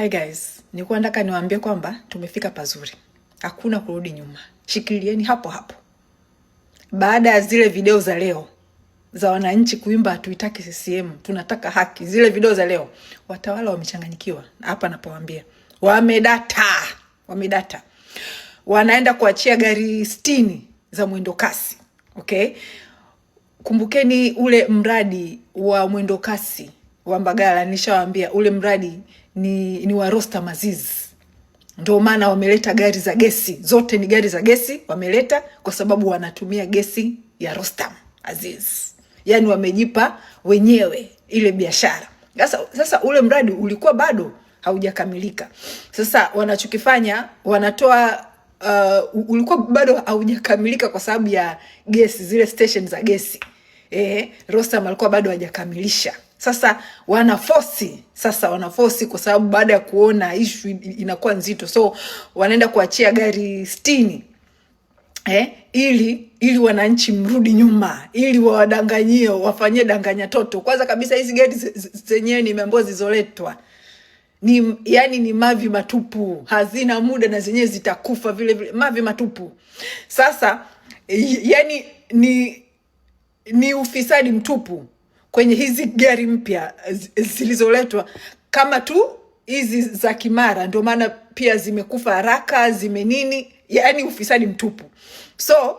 Hi guys, nilikuwa nataka niwaambie kwamba tumefika pazuri, hakuna kurudi nyuma, shikilieni hapo hapo. Baada ya zile video za leo za wananchi kuimba hatuitaki CCM, tunataka haki, zile video za leo, watawala wamechanganyikiwa hapa napowaambia, wamedata, wamedata, wanaenda kuachia gari sitini za mwendo kasi. Okay, kumbukeni ule mradi wa mwendo kasi wa Mbagala nishawaambia ule mradi ni, ni wa Roster Maziz, ndo maana wameleta gari za gesi zote, ni gari za gesi wameleta kwa sababu wanatumia gesi ya Rostam Aziz, yani wamejipa wenyewe ile biashara sasa. Sasa ule mradi ulikuwa bado haujakamilika. Sasa wanachokifanya wanatoa uh, ulikuwa bado haujakamilika kwa sababu ya gesi, zile station za gesi eh, Rostam alikuwa bado hajakamilisha sasa wanafosi sasa wanafosi kwa sababu baada ya kuona ishu inakuwa nzito, so wanaenda kuachia gari stini eh, ili ili wananchi mrudi nyuma, ili wawadanganyie, wafanyie danganya toto. Kwanza kabisa hizi gari zenyewe nimeambiwa zilizoletwa ni yani ni mavi matupu, hazina muda na zenyewe zitakufa vile vile, mavi matupu. Sasa yani ni ni ufisadi mtupu kwenye hizi gari mpya eh, zilizoletwa kama tu hizi za Kimara, ndio maana pia zimekufa haraka, zimenini, yani ufisadi mtupu. So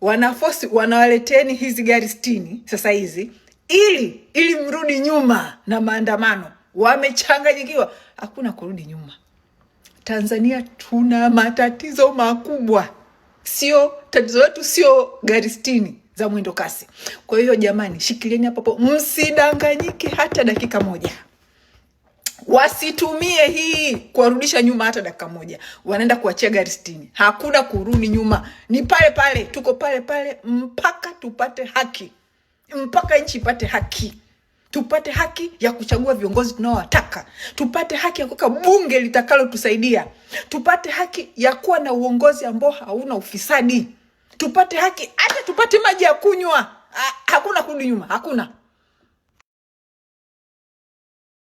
wanafosi wanawaleteni hizi gari stini sasa hizi, ili ili mrudi nyuma na maandamano. Wamechanganyikiwa, hakuna kurudi nyuma. Tanzania tuna matatizo makubwa, sio tatizo letu, sio gari stini za mwendo kasi. Kwa hiyo jamani, shikilieni hapo, msidanganyike hata dakika moja. Wasitumie hii kuwarudisha nyuma hata dakika moja. Wanaenda kuachia gari sitini, hakuna kurudi nyuma, ni pale pale, tuko pale pale mpaka tupate haki, mpaka nchi ipate haki tupate haki ya kuchagua viongozi tunaowataka, tupate haki ya kuweka bunge litakalotusaidia, tupate haki ya kuwa na uongozi ambao hauna ufisadi tupate haki, hata tupate maji ya kunywa. Hakuna kurudi nyuma, hakuna.